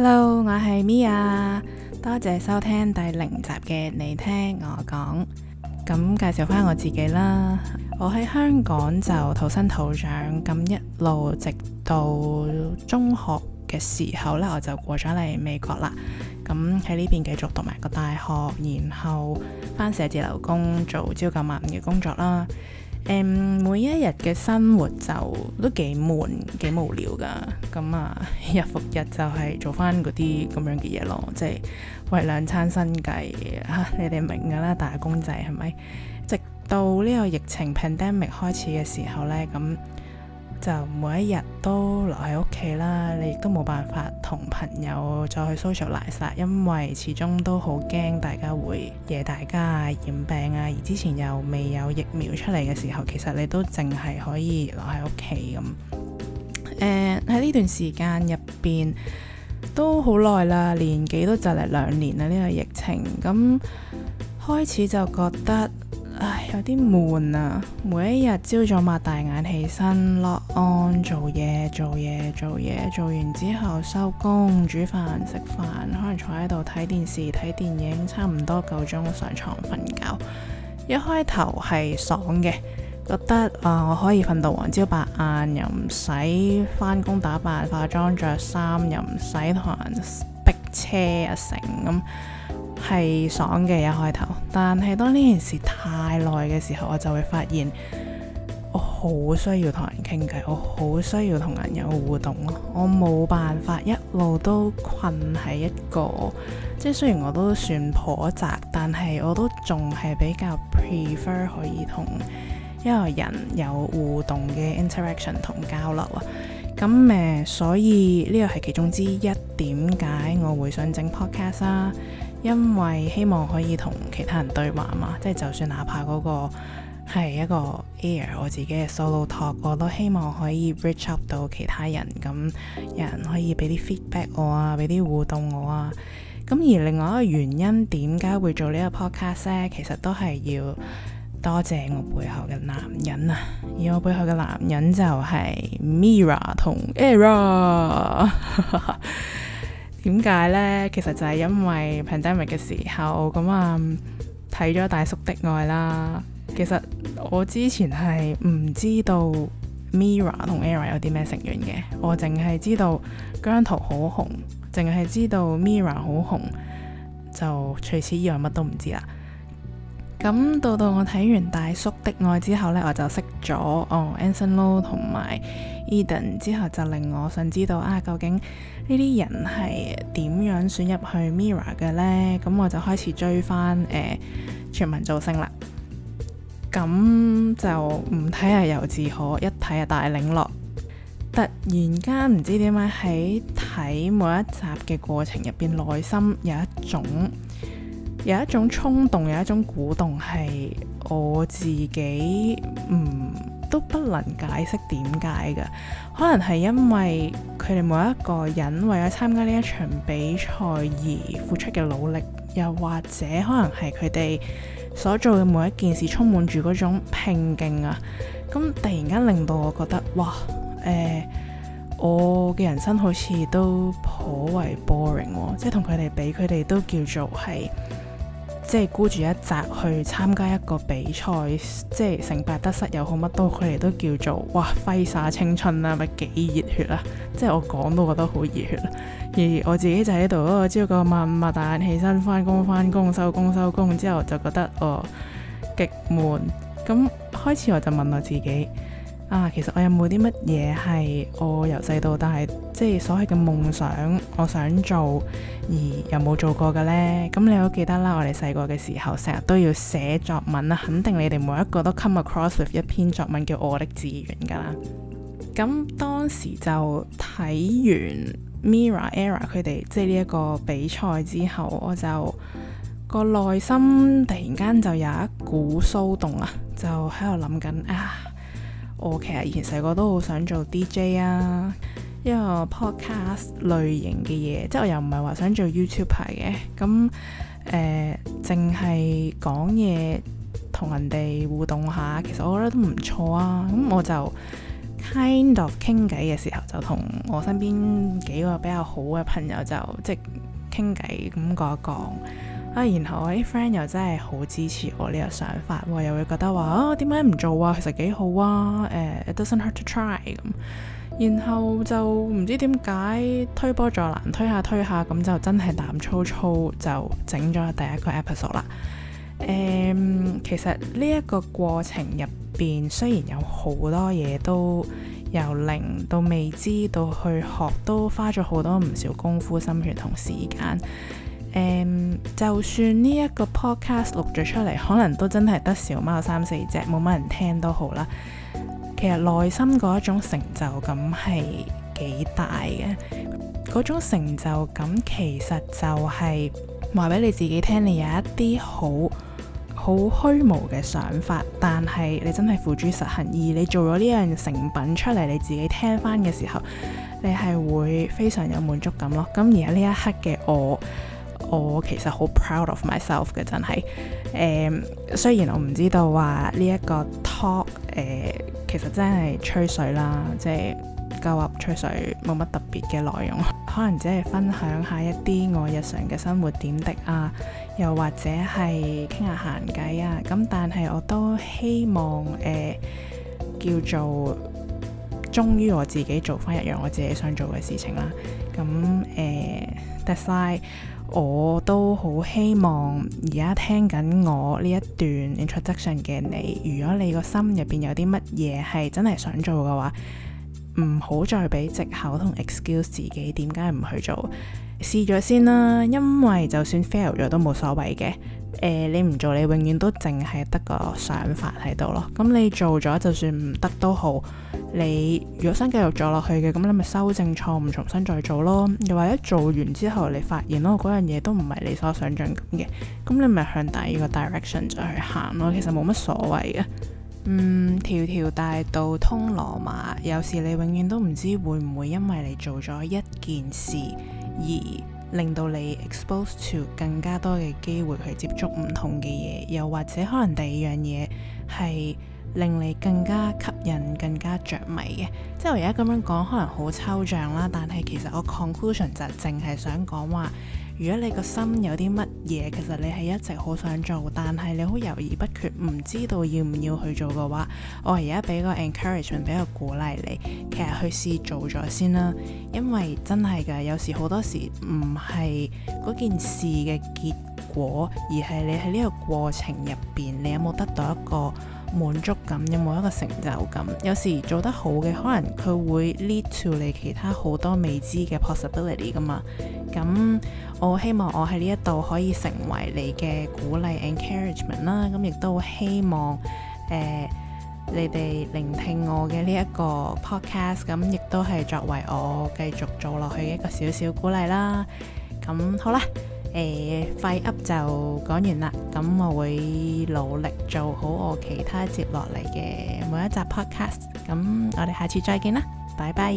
Hello，我係 Mia，多謝收聽第零集嘅你聽我講，咁介紹返我自己啦。我喺香港就土生土長，咁一路直到中學嘅時候呢，我就過咗嚟美國啦。咁喺呢邊繼續讀埋個大學，然後返寫字樓工，做朝九晚五嘅工作啦。Um, 每一日嘅生活就都幾悶幾無聊㗎，咁、嗯、啊日復日就係做翻嗰啲咁樣嘅嘢咯，即係為兩餐生計嚇、啊，你哋明㗎啦，打工仔係咪？直到呢個疫情 pandemic 開始嘅時候呢。咁、嗯。就每一日都留喺屋企啦，你亦都冇辦法同朋友再去 socialize，因為始終都好驚大家會惹大家、啊、染病啊，而之前又未有疫苗出嚟嘅時候，其實你都淨係可以留喺屋企咁。喺呢、uh, 段時間入邊都好耐啦，年幾都就嚟兩年啦呢、這個疫情，咁開始就覺得。唉，有啲悶啊！每一日朝早擘大眼起身，落案離做嘢做嘢做嘢，做完之後收工，煮飯食飯，可能坐喺度睇電視睇電影，差唔多夠鐘上床瞓覺。一開頭係爽嘅，覺得啊、呃，我可以瞓到黃朝白晏，又唔使返工打扮化妝着衫，又唔使同人逼車啊成咁。係爽嘅一開頭，但係當呢件事太耐嘅時候，我就會發現我好需要同人傾偈，我好需要同人有互動咯。我冇辦法一路都困喺一個即係雖然我都算頗宅，但係我都仲係比較 prefer 可以同一個人有互動嘅 interaction 同交流啊。咁誒、呃，所以呢個係其中之一點解我會想整 podcast 啦、啊。因為希望可以同其他人對話嘛，即係就算哪怕嗰個係一個 air，我自己嘅 solo talk，我都希望可以 reach up 到其他人，咁有人可以俾啲 feedback 我啊，俾啲互動我啊。咁而另外一個原因點解會做呢個 podcast 咧？其實都係要多謝我背後嘅男人啊，而我背後嘅男人就係 Mira 同 Era。 點解呢？其實就係因為 pandemic 嘅時候，咁啊睇咗大叔的愛啦。其實我之前係唔知道 MIRROR 同 ERROR 有啲咩成員嘅，我淨係知道姜濤好紅，淨係知道 MIRROR 好紅，就除此以外乜都唔知啦。咁到到我睇完大叔的愛之後呢，我就識咗哦，Anson Lo 同埋 Edan 之後，就令我想知道啊，究竟呢啲人係點樣選入去 Mirror 嘅呢？咁我就開始追翻，誒、呃、全民造星啦。咁就唔睇下由自可，一睇係大領落。突然間唔知點解喺睇每一集嘅過程入邊，內心有一種。有一種衝動，有一種鼓動，係我自己唔、嗯、都不能解釋點解嘅。可能係因為佢哋每一個人為咗參加呢一場比賽而付出嘅努力，又或者可能係佢哋所做嘅每一件事充滿住嗰種拼勁啊！咁突然間令到我覺得，哇誒、呃，我嘅人生好似都頗為 boring、啊、即係同佢哋比，佢哋都叫做係。即係孤注一擲去參加一個比賽，即係成敗得失又好乜都，佢哋都叫做哇揮灑青春啦、啊，咪幾熱血啊！即係我講都覺得好熱血，而我自己就喺度嗰朝九晚五，擘大眼起身返工返工，收工收工，之後就覺得哦極悶，咁開始我就問我自己。啊，其實我有冇啲乜嘢係我由細到大，即係所謂嘅夢想，我想做而又冇做過嘅呢？咁你都記得啦。我哋細個嘅時候，成日都要寫作文啦，肯定你哋每一個都 come across with 一篇作文叫我的志願噶啦。咁當時就睇完 Mirror Era 佢哋即係呢一個比賽之後，我就個內心突然間就有一股騷動啊，就喺度諗緊啊。我其實以前細個都好想做 DJ 啊，一個 podcast 類型嘅嘢，即係我又唔係話想做 YouTuber 嘅，咁誒淨係講嘢同人哋互動下，其實我覺得都唔錯啊。咁我就 kind of 傾偈嘅時候，就同我身邊幾個比較好嘅朋友就即係傾偈咁講一講。啊，然後我啲 friend 又真係好支持我呢個想法喎，又會覺得話，哦、啊，點解唔做啊？其實幾好啊，誒、呃、it doesn't hurt to try 咁。然後就唔知點解推波助瀾推下推下，咁就真係膽粗粗就整咗第一個 episode 啦。誒、嗯，其實呢一個過程入邊，雖然有好多嘢都由零到未知到去學，都花咗好多唔少功夫、心血同時間。誒，um, 就算呢一個 podcast 錄咗出嚟，可能都真係得小貓三四隻，冇乜人聽都好啦。其實內心嗰一種成就感係幾大嘅，嗰種成就感其實就係話俾你自己聽，你有一啲好好虛無嘅想法，但係你真係付諸實行，而你做咗呢樣成品出嚟，你自己聽翻嘅時候，你係會非常有滿足感咯。咁而家呢一刻嘅我。我其實好 proud of myself 嘅，真係誒、嗯。雖然我唔知道話呢一個 talk 誒、嗯，其實真係吹水啦，即係鳩噏吹水，冇乜特別嘅內容，可能只係分享下一啲我日常嘅生活點滴啊，又或者係傾下閒偈啊。咁但係我都希望誒、嗯、叫做。終於我自己做翻一樣我自己想做嘅事情啦。咁誒，design 我都好希望而家聽緊我呢一段 introduction 嘅你。如果你個心入邊有啲乜嘢係真係想做嘅話，唔好再俾藉口同 excuse 自己點解唔去做，試咗先啦。因為就算 fail 咗都冇所謂嘅。誒、呃，你唔做，你永遠都淨係得個想法喺度咯。咁你做咗，就算唔得都好。你如果想繼續做落去嘅，咁你咪修正錯誤，重新再做咯；又或者做完之後你發現咯，嗰樣嘢都唔係你所想像咁嘅，咁你咪向第二個 direction 再去行咯。其實冇乜所謂嘅。嗯，條條大道通羅馬，有時你永遠都唔知會唔會因為你做咗一件事，而令到你 expose to 更加多嘅機會去接觸唔同嘅嘢，又或者可能第二樣嘢係。令你更加吸引、更加着迷嘅，即係我而家咁樣講，可能好抽象啦。但係其實我 conclusion 就淨係想講話，如果你個心有啲乜嘢，其實你係一直好想做，但係你好猶豫不決，唔知道要唔要去做嘅話，我而家俾個 encouragement，俾個鼓勵你，其實去試做咗先啦。因為真係嘅，有時好多時唔係嗰件事嘅結果，而係你喺呢個過程入邊，你有冇得到一個滿足感？有冇一個成就感？有時做得好嘅，可能佢會 lead to 你其他好多未知嘅 possibility 噶嘛。咁我希望我喺呢一度可以成為你嘅鼓勵 encouragement 啦。咁亦都好希望誒、呃，你哋聆聽我嘅呢一個 podcast，咁亦都係作為我繼續做落去嘅一個少少鼓勵啦。咁好啦。誒廢 up 就講完啦，咁我會努力做好我其他接落嚟嘅每一集 podcast，咁我哋下次再見啦，拜拜。